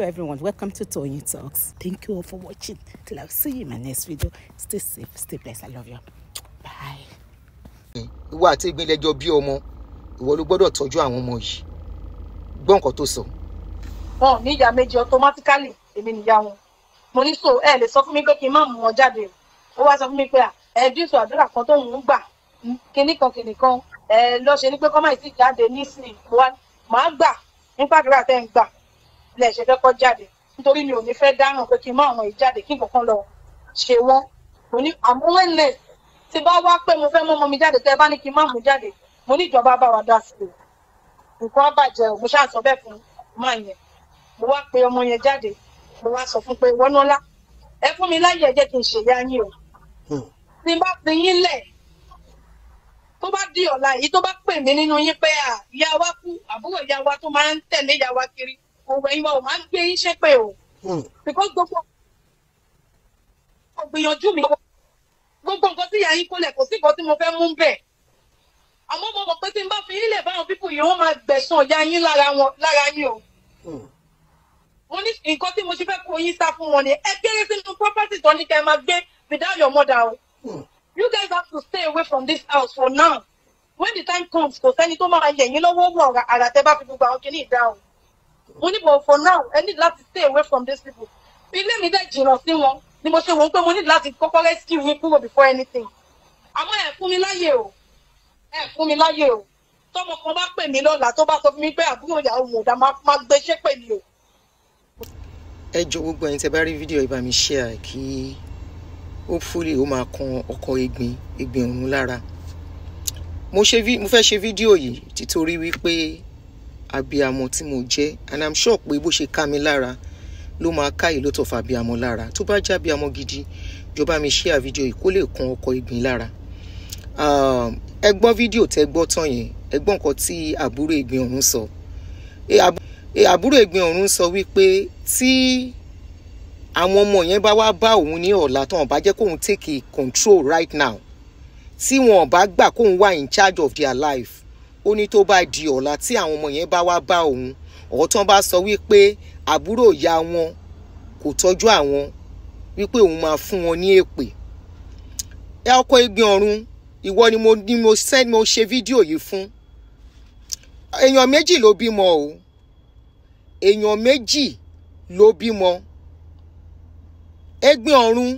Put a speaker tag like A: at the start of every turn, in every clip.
A: Hello everyone, welcome to Tony Talks. Thank you all for watching. Till I see you in my next video. Stay safe, stay blessed. I love you. Bye. Ìwọ àti ìgbìnlẹ̀ jọ bí ọmọ, ìwọ ló gbọ́dọ̀ tọ́jú àwọn ọmọ yìí. Gbọ́ nǹkan tó sọ.
B: Wọn ò ní ìyá méjì automatically èmi nìyá wọn. Mo ní so ẹ lè sọ fún mi pé kí n má mú wọn jáde. Ó wá sọ fún mi pé ẹ̀ẹ́dísù àdúrà kan tó ń gbà hmm, kíníkan kíníkan ẹ̀ lọ́ọ́ ṣe ni pé kọ́ máa ì lẹ ṣe fẹ́ kọ́ jáde nítorí mi ò ní fẹ́ dáràn pé kí n má àwọn yìí jáde kí nǹkan lọ ṣe wọ́n mo ní àmúwẹ́ lè tí bá wá pé mo fẹ́ mú ọmọ mi jáde tẹ́ bá ní kí n má mú jáde mo ní ìjọba bá wa dá sí i nǹkan àbàjẹ́ mo ṣáà bẹ́ẹ̀ fún máa yẹn mo wá pe ọmọ yẹn jáde mo wá sọ fún pé wọnọlá ẹ fún mi láyè ẹ jẹ́ kí n ṣèyá yín o hmm. tí n bá fi yín lẹ̀ tó bá di ọ̀la èyí tó bá pè mí nínú yín pé à ìyá kú àbúrò ìyá wa tó máa ń tẹ̀lé ìyá wa kiri òwò ẹ̀yin ò máa ń gbé yín ṣépè o hmm. because gbogbo gbìyànjú mi gbogbo nǹkan tí ìyá yín kólẹ̀ kò sí nǹkan tí mo fẹ́ mú bẹ́ẹ̀ àmọ́ mo mọ̀ pé tí n bá fi ilẹ̀ báwọn pípù yìí wọ́n máa gbẹ̀sán ìyá yín lára yín o hmm. mo ní nǹkan tí mo ṣe fẹ́ kó yín sá fún wọn ni ẹ kéré sínú property tó ní kẹ́ ẹ máa gbé without your mother o hmm. you guys have to stay away from this house for now when the time comes kò sẹ́ni tó máa yẹ̀yìn lọ́wọ́ wọ̀ àrà tẹ́ bá fi gbogbo àwọn kìíní ìdáhùn mo ní bọ̀ for now ẹ ní láti stay away from these people ilé mi dẹ̀ jìnnà sí wọn ni mo ṣe wò ó pé mo ní láti kọ́kọ́ rescue yín kúrò before anything àmọ́ ẹ fún mi láyè o ẹ fún mi láyè o tọmọ kan bá pè mí lọ́la tó bá sọ fún mi pé àbúrò ìyàwó mò ń dá máa gbé ṣépè mi o.
A: ẹ jọ gbogbo ẹ̀yin tẹ́ bá rí fídíò ìbá mi ṣe à kí ó fúlì ó máa kan ọkọ egbin egbin òun lára mo fẹ́ ṣe fídíò yìí títorí wípé abiyamọ tí mo jẹ́ and i'm sure pé bó ṣe ká mi lára ló máa ká ìlú tó fa abiyamọ lára tó bá jẹ́ abiyamọ gidi jọba mi ṣíà fídíò yìí kó lè kan ọkọ ìgbín lára um, ẹ gbọ́ fídíò tẹ gbọ́ tán yẹn ẹ gbọ́ nǹkan tí àbúrò ìgbín ọ̀run sọ àbúrò ìgbín ọ̀run sọ wípé tí àwọn ọmọ yẹn bá wá bá òun ní ọ̀la tán bá jẹ́ kóun take control right now tí wọn bá gbà kóun wà in charge of their life ó ní tó bá di ọ̀la tí àwọn ọmọ yẹn bá wá bá òun ọ̀tán bá sọ wípé àbúrò ìyá wọn kò tọ́jú àwọn wípé òun máa fún wọn ní èpè ẹ ọkọ igbin ọ̀run ìwọ ni mo ni mo send mo ṣe fídíò yìí fún èèyàn méjì ló bímọ o èèyàn méjì ló bímọ egbin ọ̀run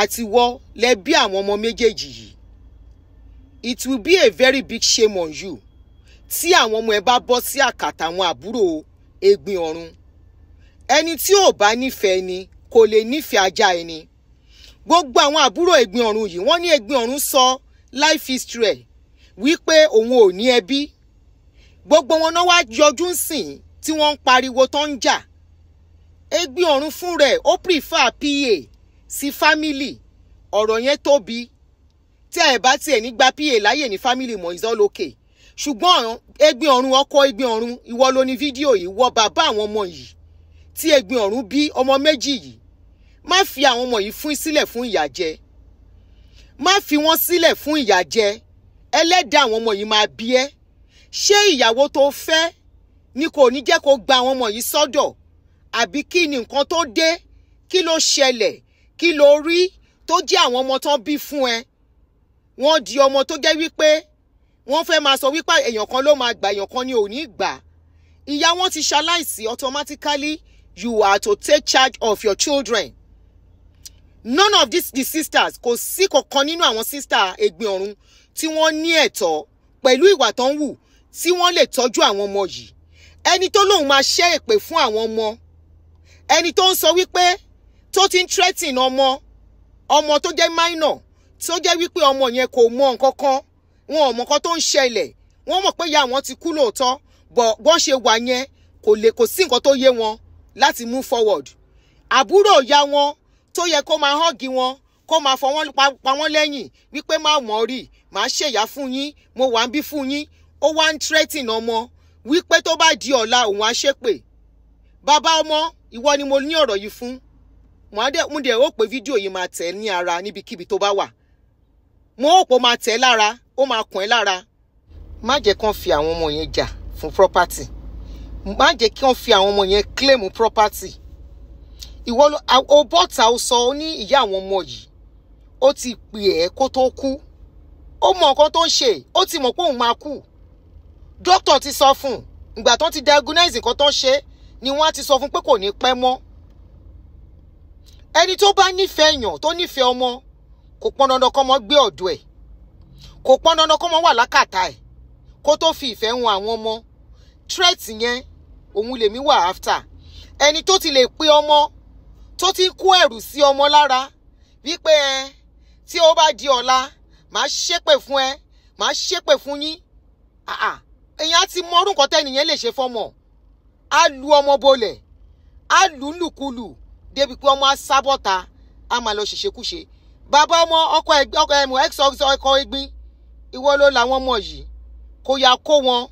A: àti wọ́ lẹ àwọn ọmọ méjèèjì yìí it will be a very big shame on you tí àwọn ọmọ ẹ bá bọ́ sí àkàtà àwọn àbúrò egbin ọ̀run ẹni tí ò bá nífẹ̀ẹ́ ni kò lè nífẹ̀ẹ́ ajá ẹni gbogbo àwọn àbúrò egbin ọ̀run yìí wọ́n ní egbin ọ̀run sọ life history ẹ̀ wípé òun ò ní ẹbí gbogbo wọn náà wá yọjú sìn tí wọ́n ń pariwo tó ń jà egbin ọ̀run fún rẹ̀ ó prefer pa sí family ọ̀rọ̀ yẹn tóbi tí ẹ bá tiẹ̀ ní gba pa láyè ní family mọ̀ it's all okay ṣùgbọ́n ẹgbin ọ̀run ọkọ ẹgbin ọ̀run ìwọ ló ní fídíò yìí wọ bàbá àwọn ọmọ yìí tí ẹgbin ọ̀run bí ọmọ méjì yìí má fi àwọn ọmọ yìí fún sílẹ̀ fún ìyà jẹ má fi wọ́n sílẹ̀ fún ìyà jẹ ẹlẹ́dàá àwọn ọmọ yìí máa bí ẹ́ ṣé ìyàwó tó fẹ́ ni kò ní jẹ́ kó gba àwọn ọmọ yìí sọ́dọ̀ àbí kí ni nǹkan tó dé kí ló ṣẹlẹ̀ kí ló rí tó jẹ́ àwọn ọmọ tán bí fún ẹ wọ́n di ọmọ tó jẹ́ wípé wọ́n fẹ́ máa sọ wípé èèyàn kan ló máa gbà èèyàn kan ni ò ní gbà ìyá wọn ti ṣaláìsí automatically you are to take charge of your children none of these the sisters kò sí kankan nínú àwọn sister Ẹ̀gbin Ọ̀run tí wọ́n ní ẹ̀tọ́ pẹ̀lú ìwà tó ń wù tí wọ́n lè tọ́jú àwọn ọmọ yìí ẹni tó lóun máa ṣẹ́ èpè fún àwọn ọmọ ẹni tó ń sọ wípé tó ti ń threaten ọmọ ọmọ tó jẹ́ minor tí ó jẹ́ wípé ọmọ yẹn kò mọ nǹkan kan wọn ò mọ nǹkan tó ń ṣẹlẹ̀ wọ́n mọ̀ pé ìyá wọn ti kú lóòótọ́ bọ̀ bọ́n ṣe wà yẹn kò lè kò sí nǹkan tó yé wọn láti move forward àbúrò ìyá wọn tó yẹ kó máa hàngì wọn kó máa fọ wọn pa wọn lẹ́yìn wípé má mọ̀ rí màá ṣèyá fún yín mo wà ń bí fún yín ó wá ń threatening ọmọ wípé tó bá di ọ̀la òun á ṣépè bàbá ọmọ ìwọ ni mo ní ọ̀rọ̀ yìí fún mo dẹ̀ ó pé fídíò yìí máa tẹ̀ ní ara níbikíbi tó bá wà mo ò pò máa tẹ̀ ẹ́ lára ó máa kùn ẹ́ lára má jẹ́ kán fi àwọn ọmọ yẹn jà fún property má jẹ́ kí wọ́n fi àwọn ọmọ yẹn claim property ìwọ o bọ́ta o sọ ó ní ìyá àwọn ọmọ yìí ó ti pè ẹ́ kó tó kú ó mọ nǹkan tó ń ṣe ó ti mọ̀ pé òun máa kú dókítà ti sọ fún un ìgbà tó ti diagnose nǹkan tó ń ṣe ni wọ́n á ti sọ fún pé kò ní pẹ́ mọ́ ẹni tó bá nífẹ̀ẹ́ èèyàn tó nífẹ̀ẹ́ ọmọ kò pọn dandan kọ́mọ gbé ọ̀dọ̀ ẹ̀ kò pọn dandan kọ́mọ wà lákàtà ẹ̀ kó tó fi ìfẹ́ hun àwọn ọmọ threat yẹn òun lèmi wà after ẹni tó ti lè pe ọmọ tó ti kó ẹ̀rù sí ọmọ lára wípé ẹ tí ó bá di ọ̀la màá ṣépè fún ẹ màá ṣépè fún yín èèyàn ti mọrú nǹkan tẹ́nìyẹn lè ṣe fọ́mọ á lu ọmọ bolẹ̀ á lù ú lùkulù débi pé ọmọ á sábọ́ta á máa lọ ṣèṣekúṣe bàbá ọmọ ọkọ ọkọ ẹmọ ẹkọ ọkọ egbin ìwọ ló làwọn ọmọ yìí kó ya kó wọn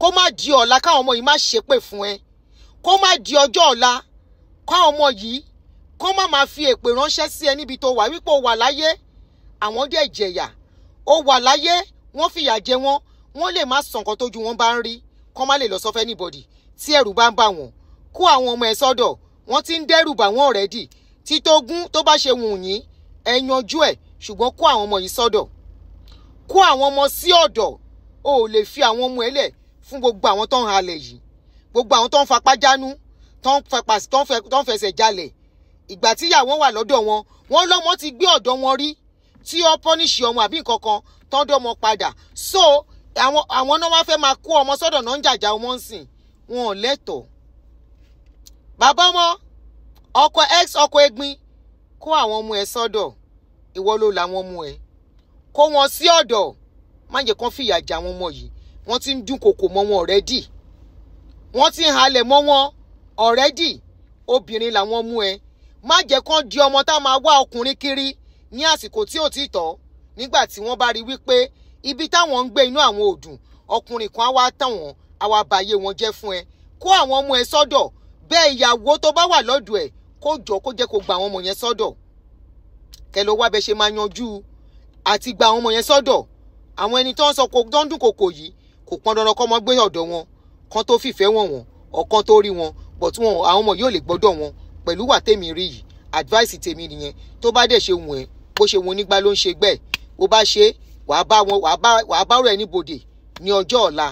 A: kó má di ọ̀la káwọn ọmọ yìí má ṣépè fún ẹ kó má di ọjọ́ ọ̀la káwọn ọmọ yìí kó má máa fi èpè ránṣẹ́ sí ẹ níbi tó wà wípé o wà láyé àwọn dẹ̀ jẹ̀yà o wà láyé wọ́n fìyà jẹ wọ́n wọ́n lè má sàn kan tójú wọn bá ń rí kó má lè lọ sọ fẹ́ anybody tí ẹ̀rù bá ń bà wọ́n kó àwọn ọmọ ẹ sọ́dọ̀ wọ́n ti ń dẹ́rù bà wọ́n already títógún tó bá ṣe wùn yín ẹ yanjú ẹ̀ ṣùgbọ́n kó àwọn ọmọ yìí sọ́dọ̀ kó àwọn ọmọ sí ọ̀dọ̀ o ò lè fi àwọn ọmọ ẹ lẹ̀ fún gbogbo àwọn tó ń halẹ̀ yìí gbogbo àwọn tó ń fapá jánú tó ń fẹsẹ̀ jalẹ̀ ìgbà tíyàwó wà lọ́dọ̀ wọn wọn lọ́mọ ti gbé ọ̀dọ̀ wọn rí tí ó pọ́nìṣì ọmọ àbí nǹkan kan tọ́dọ̀ ọmọ padà so àwọn àwọn náà wáá fẹ́ máa kó ọmọ sọ́dọ̀ náà ń jàjà ọmọ ń sìn wọn ò lẹ́tọ̀ọ́ bàbá ọmọ ọkọ ex ọkọ egbin kó àwọn ọmọ ẹ sọ́dọ̀ ìwọ ló la wọn mú ẹ kó wọn sí ọ̀dọ̀ má jẹ́ kán fìyà jẹ àwọn ọmọ yìí wọ́n ti ń dúnkokò mọ́ wọn ọ̀rẹ́dì wọ́n ti ń halẹ̀ mọ́ wọn ọ̀rẹ́dì obìnrin làwọn mú ẹ má jẹ́ kán di ọmọ tá máa wá ọkùnrin kiri ní àsìkò tí ò ti tọ́ nígbà tí wọ́n bá rí wípé ibi táwọn ń gbé inú àwọn òdùn ọkùnrin kan á wá tàn wọ́n á wá bayé wọn jẹ́ fún ẹ kó àwọn ọmọ ẹ sọ́dọ̀ bẹ́ẹ̀ ìyàwó tó bá wà lọ́dọ̀ ẹ̀ kó jọ kó jẹ́ kó gba àwọn ọmọ yẹn sọ́dọ̀ kẹ́ ló wá bẹ ṣe máa yanjú àti gba àwọn ọmọ yẹn sọ́dọ̀ àwọn ẹni tó ń sọ tó ń dúnkòkò yìí kò pọn dandan kọ́ mọ́ gbé ọ̀dọ̀ wọn kan tó fìfẹ́ wọ̀n wọn ọ̀kan tó rí wọn but wọn àwọn ọmọ yóò lè gbọ́dọ̀ wọn pẹ̀lú wà tèmi rí yìí advice tèmi nìyẹn tó bá dẹ̀ ṣe wọ̀n ẹ́ bó ṣe wọn onígbà ló ń ṣe gbẹ́ẹ̀ bó bá ṣe wàá bá wọn wàá bá wàá bá rẹ̀ níbodè ní ọjọ́ ọ̀la